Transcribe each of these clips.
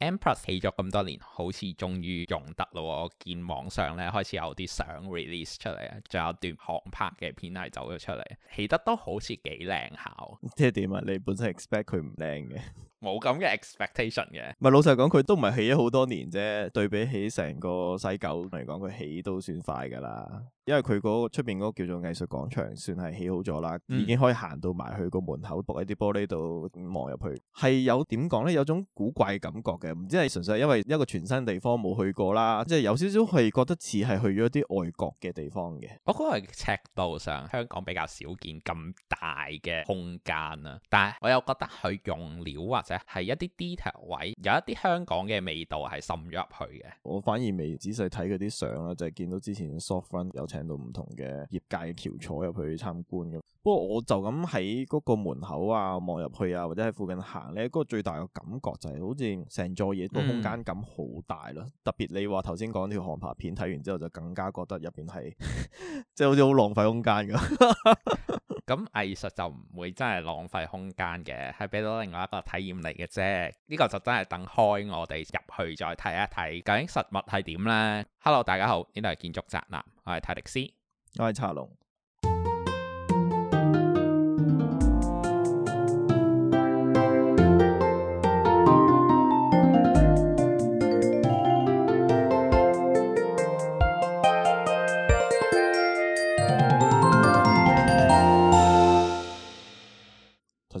M+ 起咗咁多年，好似終於用得咯。我見網上咧開始有啲相 release 出嚟啊，仲有段航拍嘅片係走咗出嚟，起得都好似幾靚巧。即係點啊？你本身 expect 佢唔靚嘅？ 冇咁嘅 expectation 嘅，唔係老實講，佢都唔係起咗好多年啫。對比起成個西九嚟講，佢起都算快噶啦。因為佢嗰出邊嗰個叫做藝術廣場，算係起好咗啦，已經可以行到埋去個門口，喺啲玻璃度望入去，係、嗯嗯嗯嗯、有點講咧，有種古怪感覺嘅。唔知係純粹因為一個全新地方冇去過啦，即係有少少係覺得似係去咗啲外國嘅地方嘅。嗯、我覺得係尺度上，香港比較少見咁大嘅空間啊，但係我又覺得佢用料或、啊係一啲 detail 位，有一啲香港嘅味道係滲咗入去嘅。我反而未仔細睇嗰啲相啦，就係、是、見到之前 soft friend 有請到唔同嘅業界嘅翹楚入去參觀嘅。不過我就咁喺嗰個門口啊，望入去啊，或者喺附近行咧，嗰、那個最大嘅感覺就係好似成座嘢，個空間感好大咯。嗯、特別你話頭先講條航拍片睇完之後，就更加覺得入邊係即係好似好浪費空間咁。咁藝術就唔會真係浪費空間嘅，係俾到另外一個體驗嚟嘅啫。呢個就真係等開我哋入去再睇一睇究竟實物係點咧。Hello，大家好，呢度係建築宅男，我係泰迪斯，我係查龍。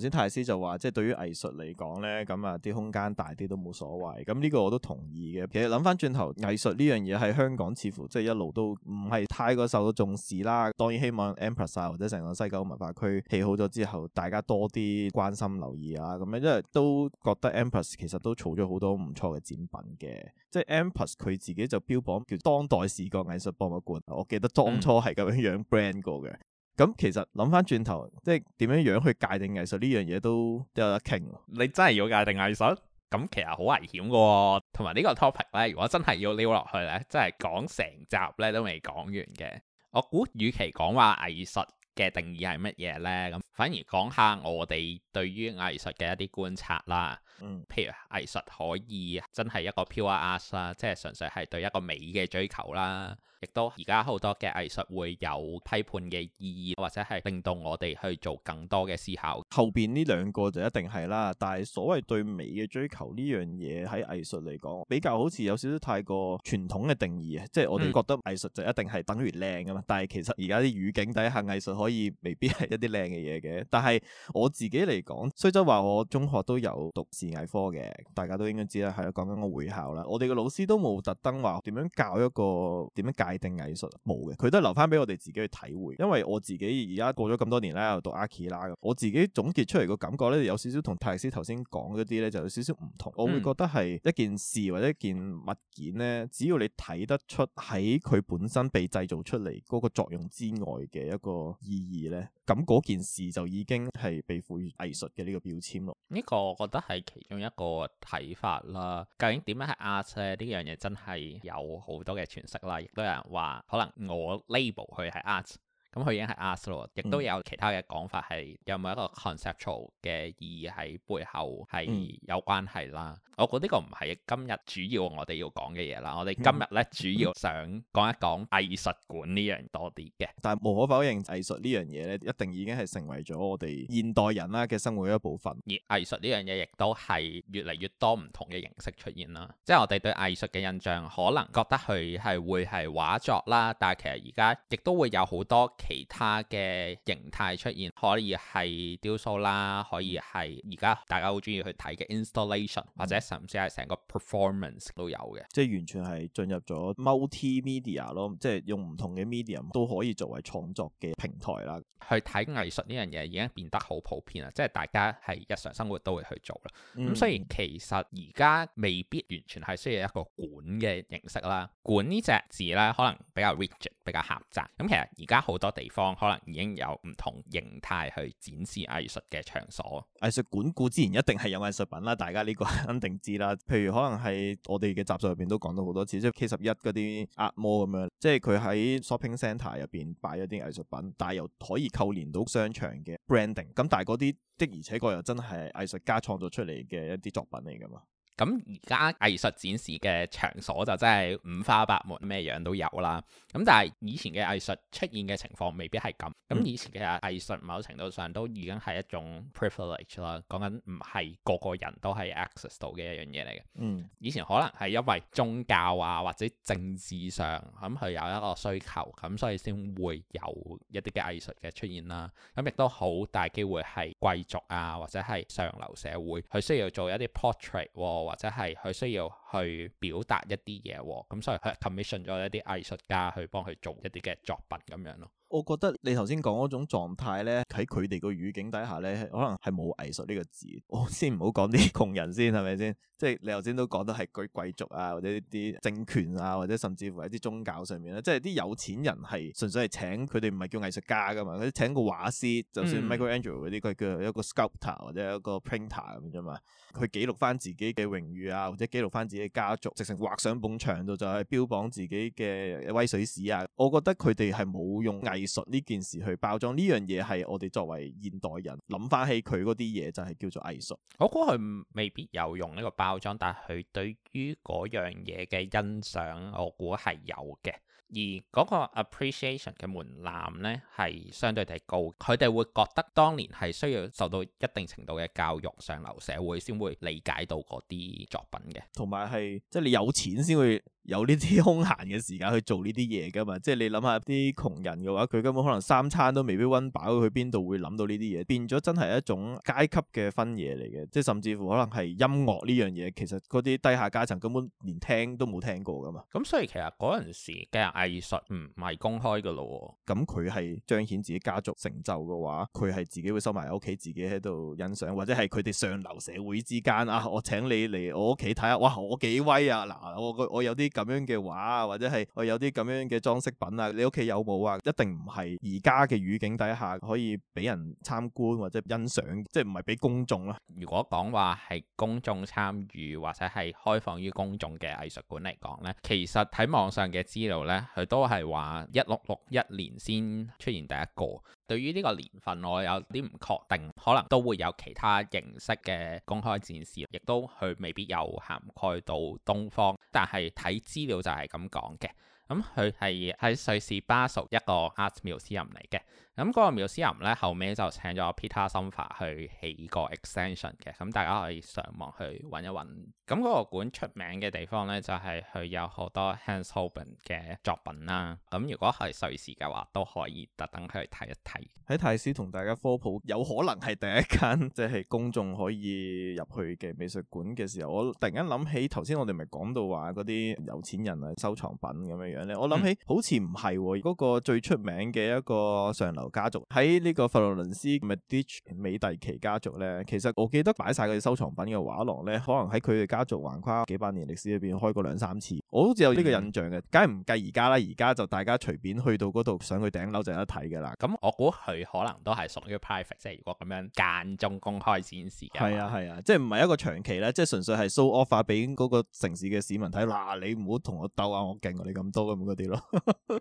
頭先太師就話，即係對於藝術嚟講咧，咁啊啲空間大啲都冇所謂。咁呢個我都同意嘅。其實諗翻轉頭，藝術呢樣嘢喺香港似乎即係一路都唔係太過受到重視啦。當然希望 M+ 啊，或者成個西九文化區起好咗之後，大家多啲關心留意啊。咁樣因為都覺得 M+ 其實都儲咗好多唔錯嘅展品嘅。即係 M+ 佢自己就標榜叫當代視覺藝術博物館。我記得當初係咁樣樣 brand 過嘅。嗯。咁其實諗翻轉頭，即係點樣樣去界定藝術呢樣嘢都都有得傾。你真係要界定藝術，咁其實好危險㗎喎。同埋呢個 topic 咧，如果真係要撩落去咧，真係講成集咧都未講完嘅。我估與其講話藝術嘅定義係乜嘢咧，咁反而講下我哋對於藝術嘅一啲觀察啦。嗯，譬如藝術可以真係一個 pure art 啦，即係純粹係對一個美嘅追求啦，亦都而家好多嘅藝術會有批判嘅意義，或者係令到我哋去做更多嘅思考。後邊呢兩個就一定係啦，但係所謂對美嘅追求呢樣嘢喺藝術嚟講比較好似有少少太過傳統嘅定義啊，即係我哋覺得藝術就一定係等於靚㗎嘛，但係其實而家啲語境底下藝術可以未必係一啲靚嘅嘢嘅。但係我自己嚟講，雖則話我中學都有讀書藝科嘅，大家都應該知啦，係啦，講緊個會考啦。我哋嘅老師都冇特登話點樣教一個點樣界定藝術，冇嘅，佢都係留翻俾我哋自己去體會。因為我自己而家過咗咁多年咧，又讀阿 k i 啦，我自己總結出嚟個感覺咧，有少少同泰斯頭先講嗰啲咧就有少少唔同。我會覺得係一件事或者一件物件咧，只要你睇得出喺佢本身被製造出嚟嗰個作用之外嘅一個意義咧。咁嗰件事就已經係被賦予藝術嘅呢個標籤咯。呢個我覺得係其中一個睇法啦。究竟點樣係 art 呢樣嘢？真係有好多嘅詮釋啦。亦都有人話，可能我 label 佢係 art。咁佢已經係 ask 咯，亦都有其他嘅講法，係、嗯、有冇一個 conceptual 嘅意義喺背後係有關係啦、嗯、啦。我覺得呢個唔係今日主要我哋要講嘅嘢啦。我哋今日咧主要想講一講藝術館呢樣多啲嘅。但係無可否認，藝術呢樣嘢咧一定已經係成為咗我哋現代人啦嘅生活一部分。而藝術呢樣嘢亦都係越嚟越多唔同嘅形式出現啦。即係我哋對藝術嘅印象，可能覺得佢係會係畫作啦，但係其實而家亦都會有好多。其他嘅形態出現，可以係雕塑啦，可以係而家大家好中意去睇嘅 installation，或者甚至係成個 performance 都有嘅，嗯，即係完全係進入咗 multimedia 咯，即係用唔同嘅 medium 都可以作為創作嘅平台啦。去睇藝術呢樣嘢已經變得好普遍啦，即係大家係日常生活都會去做啦。咁雖然其實而家未必完全係需要一個館嘅形式啦，館呢隻字咧可能比較 rigid，比較狹窄。咁其實而家好多。地方可能已經有唔同形態去展示藝術嘅場所。藝術館固之然一定係有藝術品啦，大家呢個肯定知啦。譬如可能係我哋嘅集數入邊都講到好多次，即係 K11 嗰啲壓摩咁樣，即係佢喺 shopping centre 入邊擺咗啲藝術品，但係又可以扣連到商場嘅 branding。咁但係嗰啲的而且確又真係藝術家創造出嚟嘅一啲作品嚟㗎嘛。咁而家藝術展示嘅場所就真係五花八門，咩樣都有啦。咁但係以前嘅藝術出現嘅情況未必係咁。咁、嗯、以前嘅藝術某程度上都已經係一種 privilege 啦，講緊唔係個個人都係 access 到嘅一樣嘢嚟嘅。嗯，以前可能係因為宗教啊或者政治上咁佢、嗯、有一個需求，咁、嗯、所以先會有一啲嘅藝術嘅出現啦。咁、嗯、亦都好大機會係貴族啊或者係上流社會，佢需要做一啲 portrait、啊或者係佢需要去表達一啲嘢喎，咁所以佢 commission 咗一啲藝術家去幫佢做一啲嘅作品咁樣咯。我覺得你頭先講嗰種狀態咧，喺佢哋個語境底下咧，可能係冇藝術呢個字。我先唔好講啲窮人先，係咪先？即係你頭先都講得係貴貴族啊，或者啲政權啊，或者甚至乎一啲宗教上面咧，即係啲有錢人係純粹係請佢哋，唔係叫藝術家噶嘛。佢請個畫師，嗯、就算 Michelangelo 嗰啲，佢叫一個 sculptor 或者一個 printer 咁啫嘛。佢記錄返自己嘅榮譽啊，或者記錄返自己家族，直情畫上埲牆度就係標榜自己嘅威水史啊。我覺得佢哋係冇用藝。藝術呢件事去包裝呢樣嘢，係我哋作為現代人諗翻起佢嗰啲嘢就係叫做藝術。我估佢未必有用呢個包裝，但係佢對於嗰樣嘢嘅欣賞，我估係有嘅。而嗰個 appreciation 嘅門檻咧係相對地高，佢哋會覺得當年係需要受到一定程度嘅教育，上流社會先會理解到嗰啲作品嘅。同埋係即係你有錢先會。有呢啲空閒嘅時間去做呢啲嘢噶嘛？即係你諗下啲窮人嘅話，佢根本可能三餐都未必溫飽，佢去邊度會諗到呢啲嘢？變咗真係一種階級嘅分野嚟嘅，即係甚至乎可能係音樂呢樣嘢，其實嗰啲低下階層根本連聽都冇聽過噶嘛。咁所以其實嗰陣時嘅藝術，唔係公開噶咯。咁佢係彰顯自己家族成就嘅話，佢係自己會收埋喺屋企，自己喺度欣賞，或者係佢哋上流社會之間啊，我請你嚟我屋企睇下，哇，我幾威啊！嗱，我我有啲。咁樣嘅畫啊，或者係我有啲咁樣嘅裝飾品啊，你屋企有冇啊？一定唔係而家嘅語境底下可以俾人參觀或者欣賞，即係唔係俾公眾咯？如果講話係公眾參與或者係開放於公眾嘅藝術館嚟講呢，其實喺網上嘅資料呢，佢都係話一六六一年先出現第一個。對於呢個年份，我有啲唔確定，可能都會有其他形式嘅公開展示，亦都佢未必有涵蓋到東方。但係睇資料就係咁講嘅，咁佢係喺瑞士巴塞爾一個 arts museum 嚟嘅。咁嗰個苗絲林咧，後尾就請咗 Peter Zumthor 去起個 extension 嘅，咁大家可以上網去揾一揾。咁嗰個館出名嘅地方咧，就係、是、佢有好多 Hans Holbein 嘅作品啦。咁如果係瑞士嘅話，都可以特登去睇一睇。喺泰斯同大家科普有可能係第一間即係、就是、公眾可以入去嘅美術館嘅時候，我突然間諗起頭先我哋咪講到話嗰啲有錢人啊收藏品咁樣樣咧，我諗起、嗯、好似唔係喎，嗰、那個最出名嘅一個上流家族喺呢個佛羅倫斯咁嘅 Medici 美第奇家族咧，其實我記得擺晒佢哋收藏品嘅畫廊咧，可能喺佢哋家族橫跨幾百年歷史裏邊開過兩三次。我好似有呢個印象嘅，梗係唔計而家啦，而家就大家隨便去到嗰度上去頂樓就有得睇嘅啦。咁我估佢可能都係屬於 private，即係如果咁樣間中公開展示嘅。係啊係啊，即係唔係一個長期咧，即係純粹係 show off 俾、啊、嗰個城市嘅市民睇。嗱、啊，你唔好同我鬥啊，我勁過你咁多咁嗰啲咯。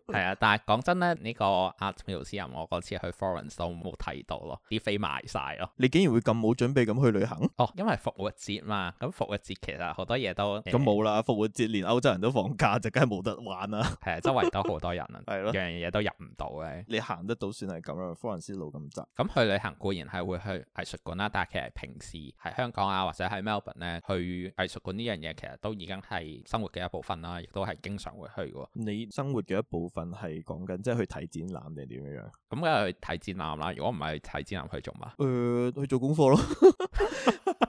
係 啊，但係講真咧，呢、呢個 art museum，我嗰次去 Florence 都冇睇到咯，啲飛賣晒咯。你竟然會咁冇準備咁去旅行？哦，因為復活節嘛，咁復活節其實好多嘢都咁冇啦，復活節連歐洲人。到放假就梗係冇得玩啦，係 啊，周圍都好多人啊，係咯 的，樣樣嘢都入唔到嘅。你行得到算係咁樣，科林斯路咁窄。咁去旅行固然係會去藝術館啦， 但係其實平時喺香港啊或者喺 Melbourne 咧去藝術館呢樣嘢，其實都已經係生活嘅一部分啦，亦都係經常會去嘅。你生活嘅一部分係講緊即係去睇展覽定點樣樣？咁梗係去睇展覽啦，如果唔係去睇展覽去做嘛，誒、呃，去做功課咯。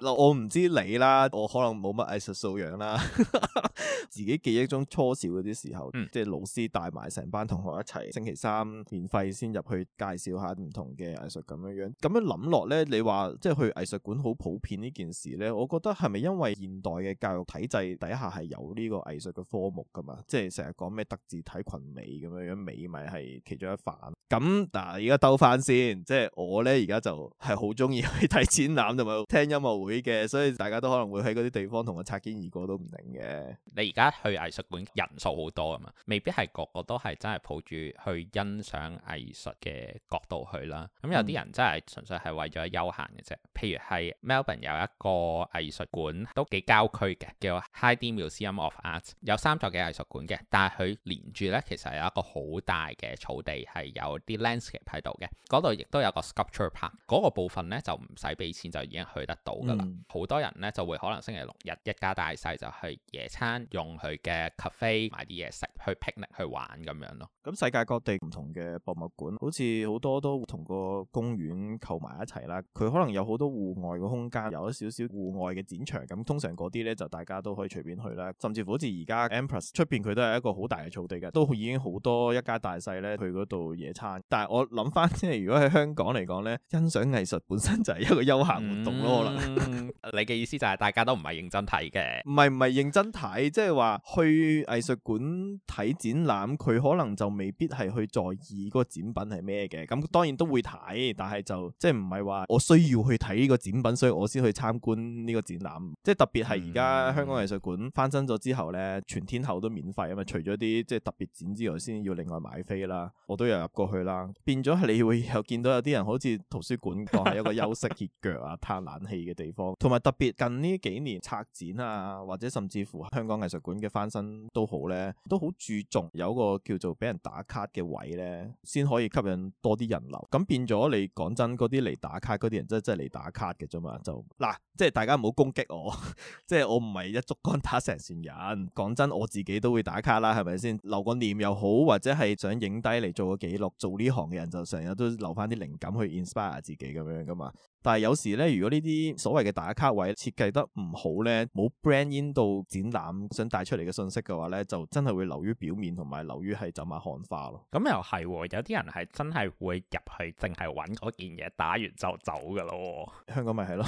嗱，我唔知你啦，我可能冇乜藝術素養啦， 自己。記憶中初小嗰啲時候，嗯、即係老師帶埋成班同學一齊，星期三免費先入去介紹下唔同嘅藝術咁樣樣。咁樣諗落咧，你話即係去藝術館好普遍呢件事咧，我覺得係咪因為現代嘅教育體制底下係有呢個藝術嘅科目噶嘛？即係成日講咩德智體群美咁樣樣，美咪係其中一範。咁嗱，而家兜翻先，即係我咧而家就係好中意去睇展覽同埋聽音樂會嘅，所以大家都可能會喺嗰啲地方同我擦肩而過都唔定嘅。你而家去？去藝術館人數好多啊嘛，未必係個個都係真係抱住去欣賞藝術嘅角度去啦。咁有啲人真係純粹係為咗休閒嘅啫。譬如係 Melbourne 有一個藝術館，都幾郊區嘅，叫 Heide Museum of Art，有三座嘅藝術館嘅，但係佢連住咧，其實有一個好大嘅草地，係有啲 landscape 喺度嘅。嗰度亦都有個 sculpture park，嗰個部分咧就唔使俾錢就已經去得到㗎啦。好、嗯、多人咧就會可能星期六日一家大細就去野餐，用佢，嘅咖啡買啲嘢食，去 picnic、去玩咁樣咯，咁世界各地唔同嘅博物館，好似好多都同個公園購埋一齊啦。佢可能有好多戶外嘅空間，有一少少戶外嘅展場。咁通常嗰啲咧就大家都可以隨便去啦。甚至乎好似而家 Empress 出邊，佢都係一個好大嘅草地嘅，都已經好多一家大細咧去嗰度野餐。但係我諗翻即係如果喺香港嚟講咧，欣賞藝術本身就係一個休閒活動咯。嗯、可能 你嘅意思就係大家都唔係認真睇嘅，唔係，唔係認真睇，即係話。去藝術館睇展覽，佢可能就未必係去在意個展品係咩嘅，咁當然都會睇，但係就即係唔係話我需要去睇呢個展品，所以我先去參觀呢個展覽。即係特別係而家香港藝術館翻新咗之後呢，嗯、全天候都免費啊嘛，嗯、除咗啲即係特別展之外，先要另外買飛啦。我都有入過去啦，變咗係你會有見到有啲人好似圖書館當係一個休息歇腳啊、嘆冷氣嘅地方，同埋特別近呢幾年拆展啊，或者甚至乎香港藝術館嘅翻身都好咧，都好注重有一個叫做俾人打卡嘅位咧，先可以吸引多啲人流。咁變咗你講真，嗰啲嚟打卡嗰啲人，真真係嚟打卡嘅啫嘛。就嗱，即係大家唔好攻擊我， 即係我唔係一竹竿打成船人。講真，我自己都會打卡啦，係咪先留個念又好，或者係想影低嚟做個記錄，做呢行嘅人就成日都留翻啲靈感去 inspire 自己咁樣噶嘛。但係有時咧，如果呢啲所謂嘅打卡位設計得唔好咧，冇 brand in 到展覽想帶出嚟嘅信息嘅話咧，就真係會流於表面，同埋流於係走馬看花咯。咁、嗯、又係、哦，有啲人係真係會入去淨係揾嗰件嘢，打完就走噶咯。香港咪係咯？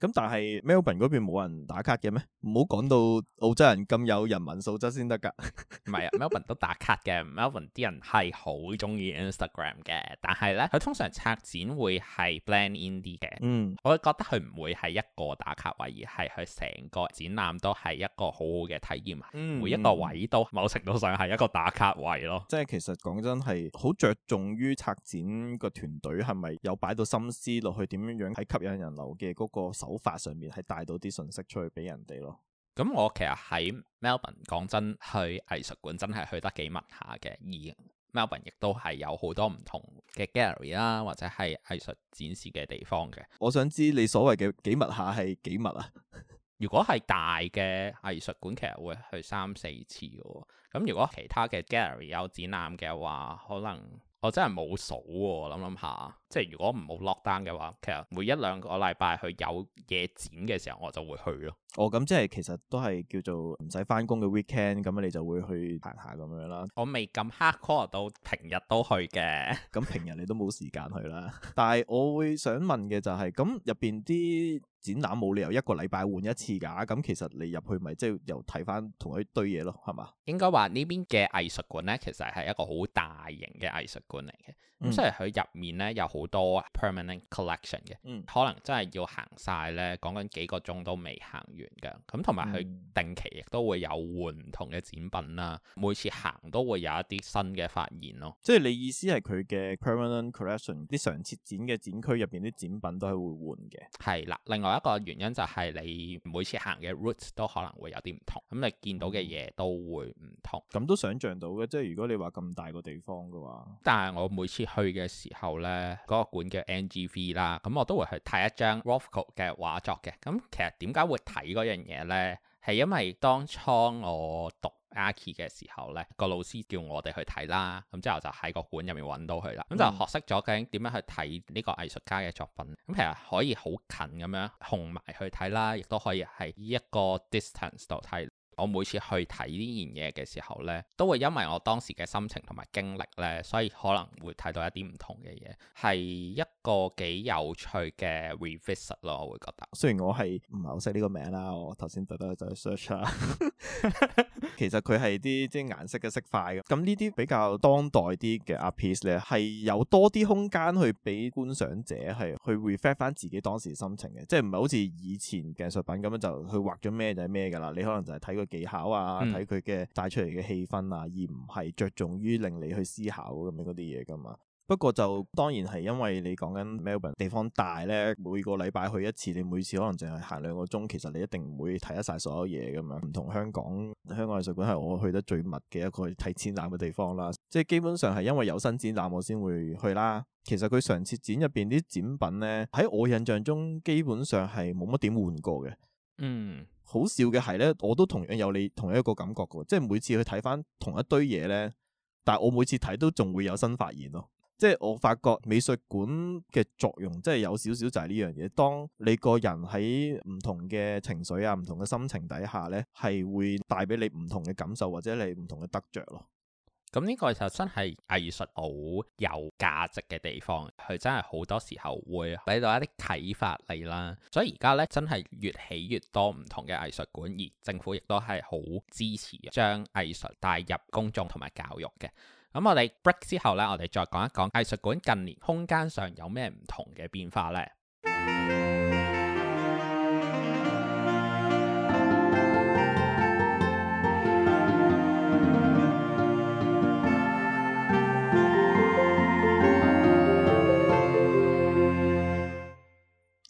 咁但係 Melbourne 嗰邊冇人打卡嘅咩？唔好講到澳洲人咁有人文素質先得噶。唔 係，Melbourne 都打卡嘅，Melbourne 啲人係好中意 Instagram 嘅，但係咧佢通常。策展會係 blend in 啲嘅，嗯、我覺得佢唔會係一個打卡位，而係佢成個展覽都係一個好好嘅體驗啊！嗯、每一個位都、嗯、某程度上係一個打卡位咯。即係其實講真係好着重於策展個團隊係咪有擺到心思落去，點樣樣喺吸引人流嘅嗰個手法上面係帶到啲信息出去俾人哋咯。咁我其實喺 Melbourne 講真去藝術館真係去得幾密下嘅，而 Melbourne 亦都係有好多唔同嘅 gallery 啦，或者係藝術展示嘅地方嘅。我想知你所謂嘅幾密下係幾密啊？ 如果係大嘅藝術館，其實會去三四次喎。咁如果其他嘅 gallery 有展覽嘅話，可能。我真係冇數喎、哦，諗諗下，即係如果唔冇 lock down 嘅話，其實每一兩個禮拜去有嘢展嘅時候，我就會去咯。哦，咁、嗯、即係其實都係叫做唔使返工嘅 weekend，咁你就會去行下咁樣啦。我未咁 hardcore 到平日都去嘅，咁 平日你都冇時間去啦。 但係我會想問嘅就係、是，咁入邊啲。展覽冇理由一個禮拜換一次噶，咁其實你入去咪即係又睇翻同一堆嘢咯，係嘛？應該話呢邊嘅藝術館咧，其實係一個好大型嘅藝術館嚟嘅，咁所以佢入面咧，有好多 permanent collection 嘅，嗯，嗯，可能真係要行晒咧，講緊幾個鐘都未行完噶，咁同埋佢定期亦都會有換唔同嘅展品啦，嗯、每次行都會有一啲新嘅發現咯。即係你意思係佢嘅 permanent collection 啲常設展嘅展區入邊啲展品都係會換嘅，係啦，另外。有一個原因就係你每次行嘅 routes 都可能會有啲唔同，咁你見到嘅嘢都會唔同。咁、嗯、都想象到嘅，即係如果你話咁大個地方嘅話，但係我每次去嘅時候咧，嗰、個館叫 NGV 啦，咁我都會去睇一張 Rothko 嘅畫作嘅。咁其實點解會睇嗰樣嘢咧？係因為當初我讀。阿 Key 嘅時候咧，個老師叫我哋去睇啦，咁之後就喺個館入面揾到佢啦，咁、嗯、就學識咗究竟點樣去睇呢個藝術家嘅作品，咁其實可以好近咁樣，紅埋去睇啦，亦都可以係呢一個 distance 度睇。我每次去睇呢件嘢嘅時候咧，都會因為我當時嘅心情同埋經歷咧，所以可能會睇到一啲唔同嘅嘢，係一個幾有趣嘅 revisit 咯。我會覺得，雖然我係唔係好識呢個名啦，我頭先等等就去 search 啦。 其實佢係啲即係顏色嘅色塊嘅。咁呢啲比較當代啲嘅 art piece 咧，係有多啲空間去俾觀賞者係去 reflect 翻自己當時心情嘅，即係唔係好似以前嘅藝術品咁樣就去畫咗咩就係咩噶啦？你可能就係睇個。技巧啊，睇佢嘅帶出嚟嘅氣氛啊，而唔係着重於令你去思考咁樣嗰啲嘢噶嘛。不過就當然係因為你講緊 Melbourne 地方大咧，每個禮拜去一次，你每次可能淨係行兩個鐘，其實你一定唔會睇得晒所有嘢咁樣。唔同香港，香港藝術館係我去得最密嘅一個睇展覽嘅地方啦。即係基本上係因為有新展覽我先會去啦。其實佢上次展入面啲展品咧，喺我印象中基本上係冇乜點換過嘅。嗯。好笑嘅係呢，我都同樣有你同一個感覺嘅，即係每次去睇翻同一堆嘢呢，但我每次睇都仲會有新發現咯。即係我發覺美術館嘅作用，即係有少少就係呢樣嘢。當你個人喺唔同嘅情緒啊、唔同嘅心情底下呢，係會帶俾你唔同嘅感受或者你唔同嘅得着咯。咁呢個就真係藝術好有價值嘅地方，佢真係好多時候會俾到一啲啟發你啦。所以而家呢，真係越起越多唔同嘅藝術館，而政府亦都係好支持將藝術帶入公眾同埋教育嘅。咁我哋 break 之後呢，我哋再講一講藝術館近年空間上有咩唔同嘅變化呢？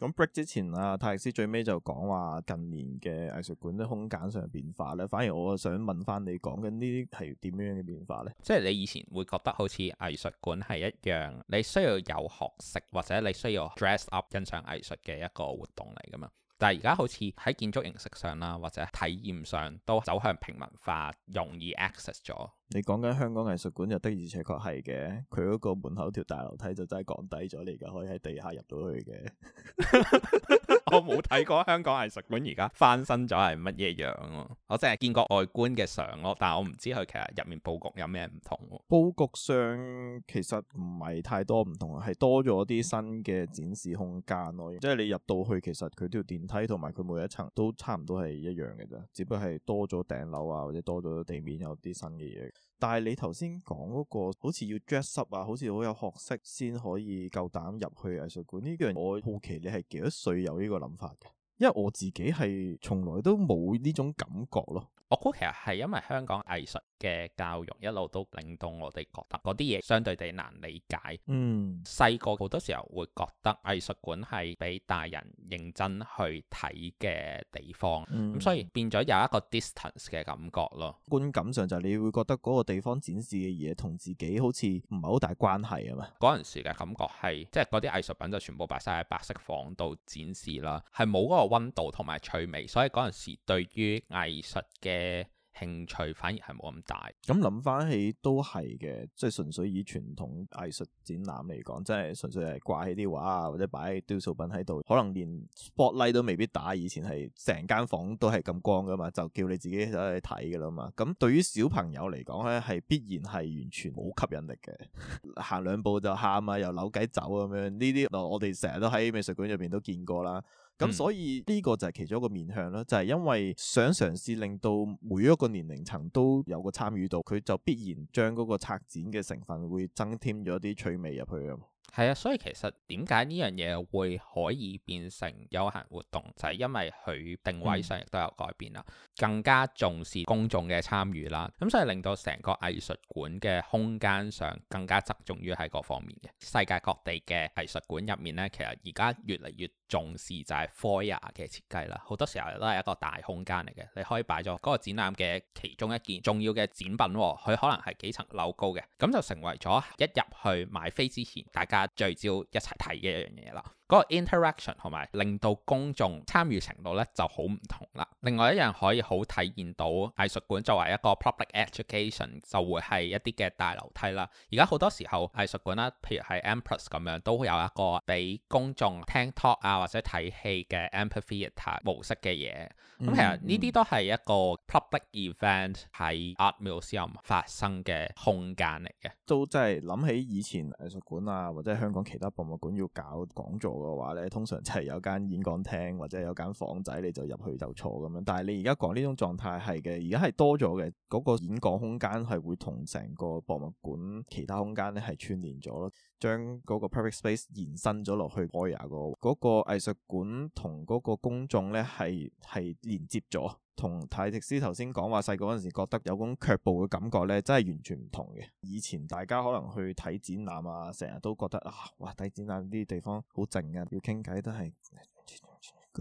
咁 break 之前啊，泰斯最尾就講話近年嘅藝術館啲空間上變化咧，反而我想問翻你講緊呢啲係點樣嘅變化咧？即係你以前會覺得好似藝術館係一樣你需要有學識或者你需要 dress up 欣賞藝術嘅一個活動嚟㗎嘛？但係而家好似喺建築形式上啦，或者體驗上都走向平民化，容易 access 咗。你講緊香港藝術館就的而且確係嘅，佢嗰個門口條大樓梯就真係降低咗嚟㗎，可以喺地下入到去嘅。我冇睇過香港藝術館而家翻新咗係乜嘢樣咯，我淨係見過外觀嘅相咯，但我唔知佢其實入面佈局有咩唔同。佈局上其實唔係太多唔同，係多咗啲新嘅展示空間咯。即係你入到去，其實佢條電梯同埋佢每一層都差唔多係一樣嘅啫，只不過係多咗頂樓啊，或者多咗地面有啲新嘅嘢。但係你頭先講嗰個，好似要 dress up 啊，好似好有學識先可以夠膽入去藝術館呢樣，呢個，我好奇你係幾多歲有呢個諗法嘅？因為我自己係從來都冇呢種感覺咯，我估其實係因為香港藝術嘅教育一路都令到我哋覺得嗰啲嘢相對地難理解，嗯，細個好多時候會覺得藝術館係俾大人認真去睇嘅地方，咁、嗯、所以變咗有一個 distance 嘅感覺咯，觀感上就你會覺得嗰個地方展示嘅嘢同自己好似唔係好大關係啊嘛，嗰陣時嘅感覺係即係嗰啲藝術品就全部擺晒喺白色房度展示啦，係冇嗰個溫度同埋趣味，所以嗰陣時對於藝術嘅興趣反而係冇咁大。咁諗翻起都係嘅，即係純粹以傳統藝術展覽嚟講，即係純粹係掛起啲畫啊，或者擺雕塑品喺度，可能連 Spotlight 都未必打。以前係成間房都係咁光噶嘛，就叫你自己走去睇噶啦嘛。咁對於小朋友嚟講咧，係必然係完全冇吸引力嘅，行 兩步就喊啊，又扭計走咁樣呢啲。我哋成日都喺美術館入邊都見過啦。咁、嗯、所以呢個就係其中一個面向啦，就係因為想嘗試令到每一個年齡層都有個參與度，佢就必然將嗰個策展嘅成分會增添咗啲趣味入去啊、嗯。係啊、嗯，所以其實點解呢樣嘢會可以變成休閒活動，就係因為佢定位上亦都有改變啦、嗯。更加重視公眾嘅參與啦，咁所以令到成個藝術館嘅空間上更加側重於喺各方面嘅世界各地嘅藝術館入面呢，其實而家越嚟越重視就係 foyer 嘅設計啦。好多時候都係一個大空間嚟嘅，你可以擺咗嗰個展覽嘅其中一件重要嘅展品，哦，佢可能係幾層樓高嘅，咁就成為咗一入去買飛之前大家聚焦一齊睇嘅一樣嘢啦。個 interaction 同埋令到公眾參與程度咧就好唔同啦。另外一樣可以好體現到藝術館作為一個 public education 就會係一啲嘅大樓梯啦。而家好多時候藝術館啦，譬如係 M+ 咁樣，都會有一個俾公眾聽 talk 啊，或者睇戲嘅 amphitheatre 模式嘅嘢。咁其實呢啲都係一個 public event 喺 art museum 發生嘅空間嚟嘅。都真係諗起以前藝術館啊，或者香港其他博物館要搞講座。嘅話咧，通常就係有間演講廳或者有間房仔，你就入去就坐咁樣。但係你而家講呢種狀態係嘅，而家係多咗嘅嗰個演講空間係會同成個博物館其他空間咧係串連咗咯，將嗰個 perfect space 延伸咗落去博雅個嗰個藝術館同嗰個公眾咧係係連接咗。同泰迪斯頭先講話細個嗰陣時覺得有種卻步嘅感覺呢，真係完全唔同嘅。以前大家可能去睇展覽啊，成日都覺得啊，哇！睇展覽啲地方好靜啊，要傾偈都係。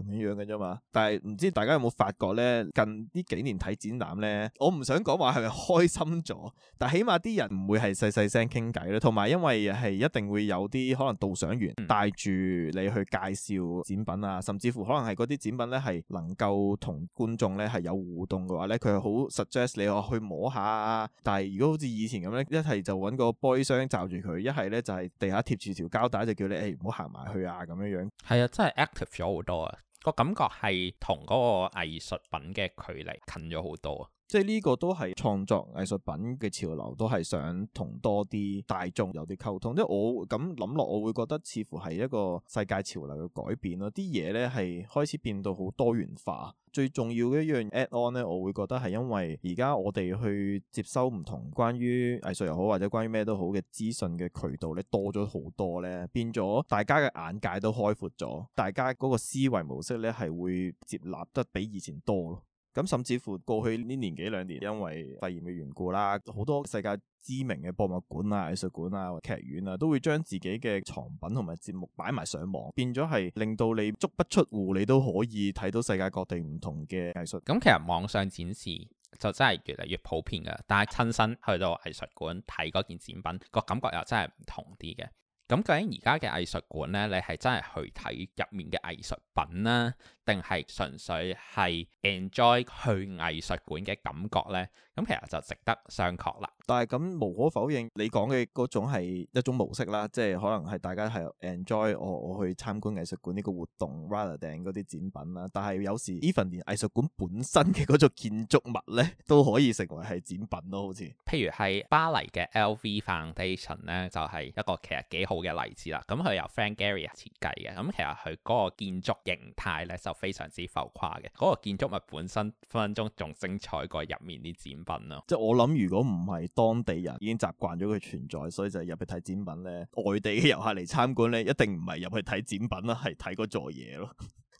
咁樣樣嘅啫嘛，但係唔知大家有冇發覺咧？近呢幾年睇展覽咧，我唔想講話係咪開心咗，但起碼啲人唔會係細細聲傾偈啦。同埋因為係一定會有啲可能導賞員帶住你去介紹展品啊，嗯、甚至乎可能係嗰啲展品咧係能夠同觀眾咧係有互動嘅話咧，佢係好 suggest 你去摸下啊。但係如果好似以前咁咧，一係就揾個玻璃箱罩住佢，一係咧就係地下貼住條膠帶就叫你誒唔好行埋去啊咁樣樣。係啊，真係 active 咗好多啊！個感覺係同嗰個藝術品嘅距離近咗好多啊！即係呢個都係創作藝術品嘅潮流，都係想同多啲大眾有啲溝通。即係我咁諗落，我會覺得似乎係一個世界潮流嘅改變咯。啲嘢呢係開始變到好多元化。最重要嘅一樣 add on 呢，我會覺得係因為而家我哋去接收唔同關於藝術又好或者關於咩都好嘅資訊嘅渠道呢多咗好多呢，變咗大家嘅眼界都開闊咗，大家嗰個思維模式呢，係會接納得比以前多。咁甚至乎過去呢年幾兩年，因為肺炎嘅緣故啦，好多世界知名嘅博物館啊、藝術館啊、劇院啊，都會將自己嘅藏品同埋節目擺埋上網，變咗係令到你足不出戶，你都可以睇到世界各地唔同嘅藝術。咁其實網上展示就真係越嚟越普遍嘅，但係親身去到藝術館睇嗰件展品，個感覺又真係唔同啲嘅。咁究竟而家嘅藝術館呢？你係真係去睇入面嘅藝術品啦，定係純粹係 enjoy 去藝術館嘅感覺咧，咁其實就值得商榷啦。但係咁無可否認，你講嘅嗰種係一種模式啦，即係可能係大家係 enjoy 我我去參觀藝術館呢個活動，rather than 嗰啲展品啦。但係有時 even 連藝術館本身嘅嗰種建築物咧，都可以成為係展品咯，好似譬如係巴黎嘅 LV Foundation 咧，就係、是、一個其實幾好嘅例子啦。咁佢由 Frank Gehry 設計嘅，咁其實佢嗰個建築形態咧就～非常之浮誇嘅，嗰、那個建築物本身分分鐘仲精彩過入面啲展品咯。即係我諗，如果唔係當地人已經習慣咗佢存在，所以就入去睇展品咧，外地嘅遊客嚟參觀咧，一定唔係入去睇展品啦，係睇嗰座嘢咯。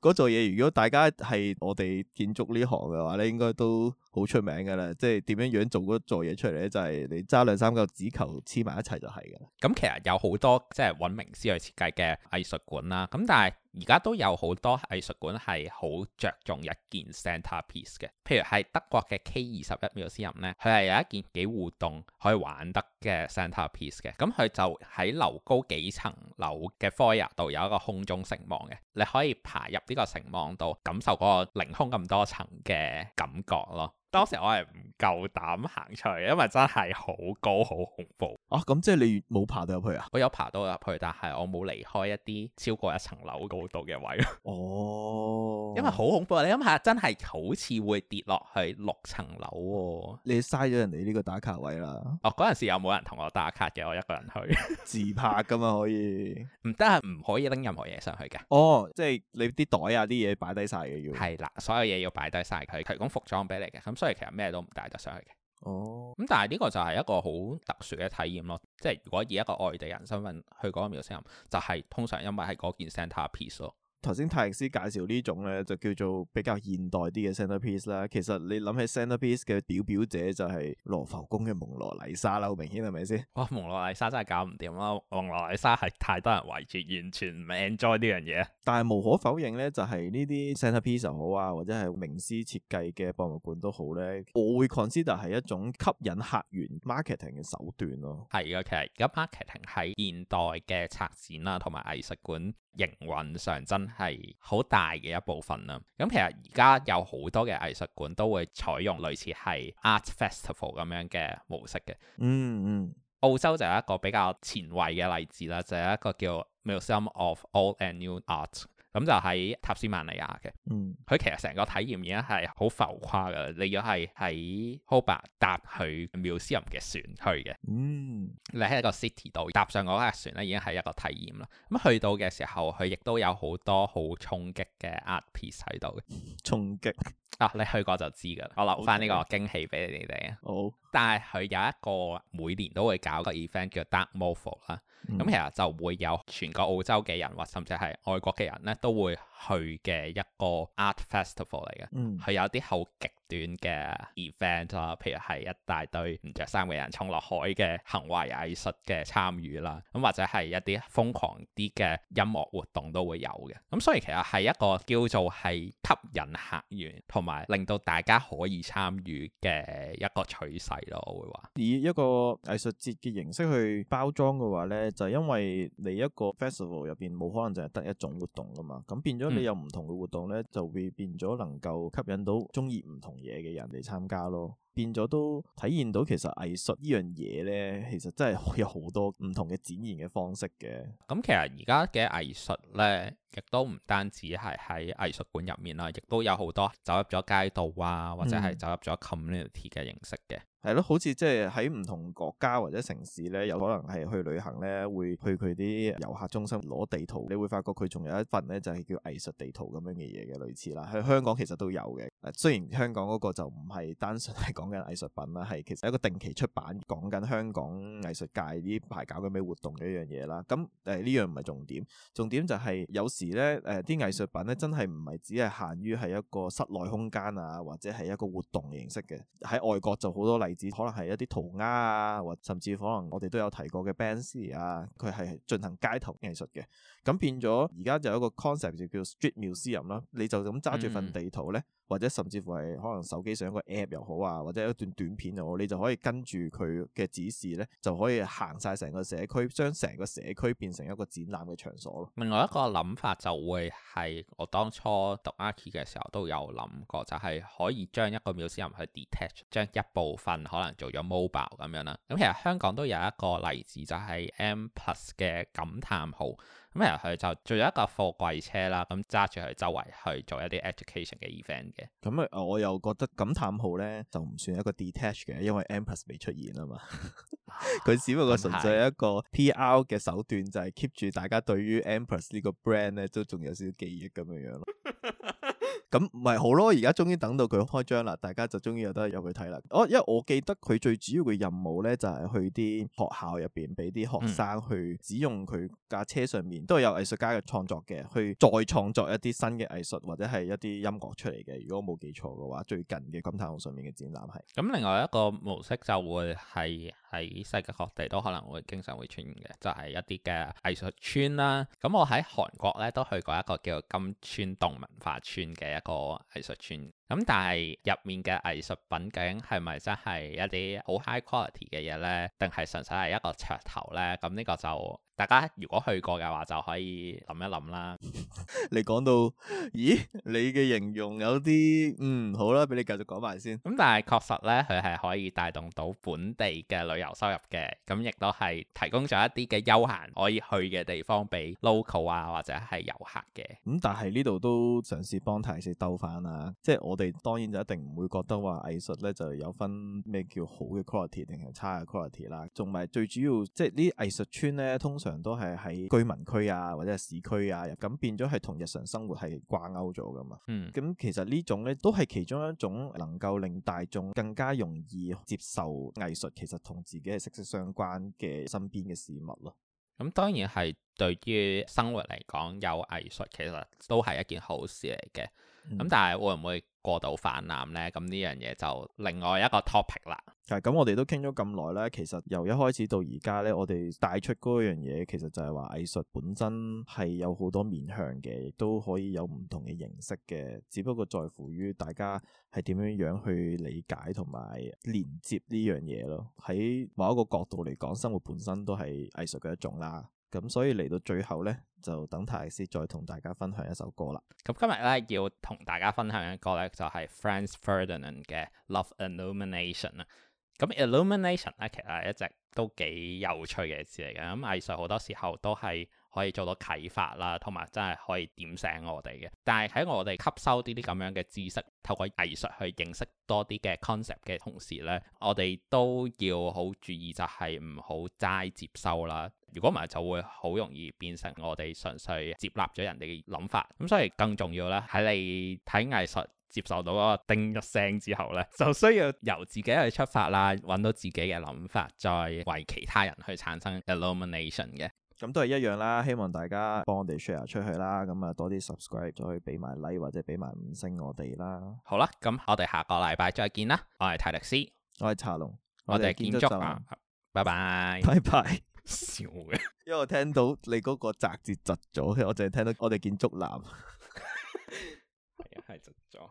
嗰 座嘢如果大家係我哋建築呢行嘅話咧，應該都好出名噶啦。即係點樣樣做嗰座嘢出嚟咧？就係、是、你揸兩三個紙球黐埋一齊就係噶啦。咁、嗯、其實有好多即係揾名師去設計嘅藝術館啦。咁、嗯、但係。而家都有好多藝術館係好着重一件 center piece 嘅，譬如係德國嘅 K 二十一 Museum 呢，佢係有一件幾互動可以玩得嘅 center piece 嘅，咁、嗯、佢就喺樓高幾層樓嘅 foyer 度有一個空中城網嘅，你可以爬入呢個城網度感受嗰個凌空咁多層嘅感覺咯。當時我係唔夠膽行出去，因為真係好高好恐怖啊！咁即係你冇爬到入去啊？我有爬到入去，但係我冇離開一啲超過一層樓高度嘅位哦，因為好恐怖想想好啊！你諗下，真係好似會跌落去六層樓。你嘥咗人哋呢個打卡位啦。哦，嗰陣時有冇人同我打卡嘅？我一個人去自拍噶嘛，可以？唔得，唔可以拎任何嘢上去嘅。哦，即係你啲袋啊啲嘢擺低晒嘅要。係啦，所有嘢要擺低晒佢。提供服裝俾你嘅咁。所以其實咩都唔帶得上去嘅。哦，咁但係呢個就係一個好特殊嘅體驗咯。即係如果以一個外地人身份去嗰個 museum，就係、是、通常因為係件 centre piece 咯。頭先泰明斯介紹呢種咧，就叫做比較現代啲嘅 centerpiece 啦。其實你諗起 centerpiece 嘅表表姐就係羅浮宮嘅蒙羅麗莎啦。好明顯係咪先？哇！蒙羅麗莎真係搞唔掂啦，蒙羅麗莎係太多人圍住，完全唔 enjoy 呢樣嘢。但係無可否認咧，就係呢啲 centerpiece 好啊，或者係名師設計嘅博物館都好咧，我會 consider 係一種吸引客源 marketing 嘅手段咯。係噶，其實而家 marketing 係現代嘅策展啦，啊，同埋藝術館。營運上真係好大嘅一部分啦，咁其實而家有好多嘅藝術館都會採用類似係 Art Festival 咁樣嘅模式嘅，嗯嗯、mm，hmm. 澳洲就有一個比較前衛嘅例子啦，就係一個叫 Museum of Old and New Art。咁就喺塔斯曼尼亞嘅，佢、嗯、其實成個體驗已經係好浮誇噶。你要係喺 h o b Hobart 搭去 museum 嘅船去嘅，嗯、你喺一個 city 度搭上嗰架船咧，已經係一個體驗啦。咁去到嘅時候，佢亦都有好多好衝擊嘅 art piece 喺度嘅。衝擊、嗯、啊！你去過就知噶啦，哦、我留翻呢個驚喜俾、哦、你哋啊。好、哦，但係佢有一個每年都會搞個 event 叫 Dark Mofo 啦。咁其實就會有全個澳洲嘅人或甚至係外國嘅人咧。嗯嗯都會去嘅一個 art festival 嚟嘅，嗯，係有啲好極。短嘅 event 啦，譬如係一大堆唔着衫嘅人衝落海嘅行為藝術嘅參與啦，咁或者係一啲瘋狂啲嘅音樂活動都會有嘅。咁所以其實係一個叫做係吸引客源同埋令到大家可以參與嘅一個趨勢咯，我會話以一個藝術節嘅形式去包裝嘅話咧，就因為你一個 festival 入邊冇可能淨係得一種活動噶嘛，咁變咗你有唔同嘅活動咧，就會變咗能夠吸引到中意唔同。嘢嘅人嚟參加咯，變咗都體現到，其實藝術呢樣嘢咧，其實真係有好多唔同嘅展現嘅方式嘅。咁其實而家嘅藝術咧。亦都唔單止係喺藝術館入面啦，亦都有好多走入咗街道啊，或者係走入咗 community 嘅形式嘅。係咯、嗯，好似即係喺唔同國家或者城市咧，有可能係去旅行咧，會去佢啲遊客中心攞地圖，你會發覺佢仲有一份咧，就係叫藝術地圖咁樣嘅嘢嘅，類似啦。喺香港其實都有嘅，雖然香港嗰個就唔係單純係講緊藝術品啦，係其實一個定期出版講緊香港藝術界呢排搞緊咩活動嘅一樣嘢啦。咁誒呢樣唔係重點，重點就係有。時咧，誒啲藝術品咧，真係唔係只係限於係一個室內空間啊，或者係一個活動形式嘅。喺外國就好多例子，可能係一啲塗鴉啊，或甚至可能我哋都有提過嘅 Banksy 啊，佢係進行街頭藝術嘅。咁變咗，而家就有一個 concept 就叫 Street museum 啦。你就咁揸住份地圖咧，嗯、或者甚至乎係可能手機上一個 app 又好啊，或者一段短片又好，你就可以跟住佢嘅指示咧，就可以行晒成個社區，將成個社區變成一個展覽嘅場所咯。另外一個諗法就會係我當初讀 Archi 嘅時候都有諗過，就係、是、可以將一個 museum 去 detach，將一部分可能做咗 mobile 咁樣啦。咁其實香港都有一個例子就係、是、M Plus 嘅感嘆號。咁入去就做咗一架貨櫃車啦，咁揸住去周圍去做一啲 education 嘅 event 嘅。咁我又覺得咁探號咧就唔算一個 detach 嘅，因為 M+ 未出現啊嘛。佢只不過純粹一個 PR 嘅手段，啊嗯、就係 keep 住大家對於 M+ 呢個 brand 咧都仲有少少記憶咁樣樣咯。 咁咪好咯，而家終於等到佢開張啦，大家就終於有得有佢睇啦。哦，因為我記得佢最主要嘅任務咧，就係、是、去啲學校入邊俾啲學生去使用佢架車上面，都係有藝術家嘅創作嘅，去再創作一啲新嘅藝術或者係一啲音樂出嚟嘅。如果冇記錯嘅話，最近嘅金塔號上面嘅展覽係。咁另外一個模式就會係。喺世界各地都可能會經常會出現嘅，就係一啲嘅藝術村啦。咁我喺韓國咧都去過一個叫金川洞文化村嘅一個藝術村。咁、嗯、但係入面嘅藝術品景係咪真係一啲好 high quality 嘅嘢咧？定係純粹係一個噱頭咧？咁、嗯、呢、這個就大家如果去過嘅話就可以諗一諗啦。 你講到，咦，你嘅形容有啲，嗯，好啦，俾你繼續講埋先。咁、嗯、但係確實咧，佢係可以帶動到本地嘅旅遊收入嘅，咁亦都係提供咗一啲嘅休閒可以去嘅地方俾 local 啊，或者係遊客嘅。咁、嗯、但係呢度都嘗試幫提示兜翻啊。即係我。我當然就一定唔會覺得話藝術咧就有分咩叫好嘅 quality 定係差嘅 quality 啦，仲埋最主要即係啲藝術村咧，通常都係喺居民區啊或者係市區啊，咁變咗係同日常生活係掛鈎咗噶嘛。嗯，咁其實呢種咧都係其中一種能夠令大眾更加容易接受藝術，其實同自己係息息相關嘅身邊嘅事物咯。咁、嗯、當然係對於生活嚟講有藝術其實都係一件好事嚟嘅，咁但係會唔會過度氾濫呢，咁呢樣嘢就另外一個 topic 啦。係咁、嗯，我哋都傾咗咁耐咧，其實由一開始到而家呢，我哋帶出嗰樣嘢，其實就係話藝術本身係有好多面向嘅，亦都可以有唔同嘅形式嘅，只不過在乎於大家係點樣樣去理解同埋連接呢樣嘢咯。喺某一個角度嚟講，生活本身都係藝術嘅一種啦。咁所以嚟到最後咧，就等泰斯再同大家分享一首歌啦。咁今日咧要同大家分享一個咧就係、是、Franz Ferdinand 嘅《Love Illumination》啦。咁 Illumination 咧其實一直都幾有趣嘅詞嚟嘅。咁藝術好多時候都係。可以做到啟發啦，同埋真係可以點醒我哋嘅。但係喺我哋吸收呢啲咁樣嘅知識，透過藝術去認識多啲嘅 concept 嘅同時咧，我哋都要好注意就係唔好齋接收啦。如果唔係，就會好容易變成我哋純粹接納咗人哋嘅諗法。咁所以更重要啦，喺你睇藝術接受到嗰個叮一聲之後咧，就需要由自己去出發啦，揾到自己嘅諗法，再為其他人去產生 illumination 嘅。咁都係一樣啦，希望大家幫我哋 share 出去啦，咁啊多啲 subscribe，再俾埋 like 或者俾埋五星我哋啦。好啦，咁我哋下個禮拜再見啦。我係泰迪斯，我係茶龍，我哋係建築男築築、啊，拜拜。拜拜。笑嘅 因為我聽到你嗰個字窒咗，我淨係聽到我哋建築男 。係啊，係窒咗。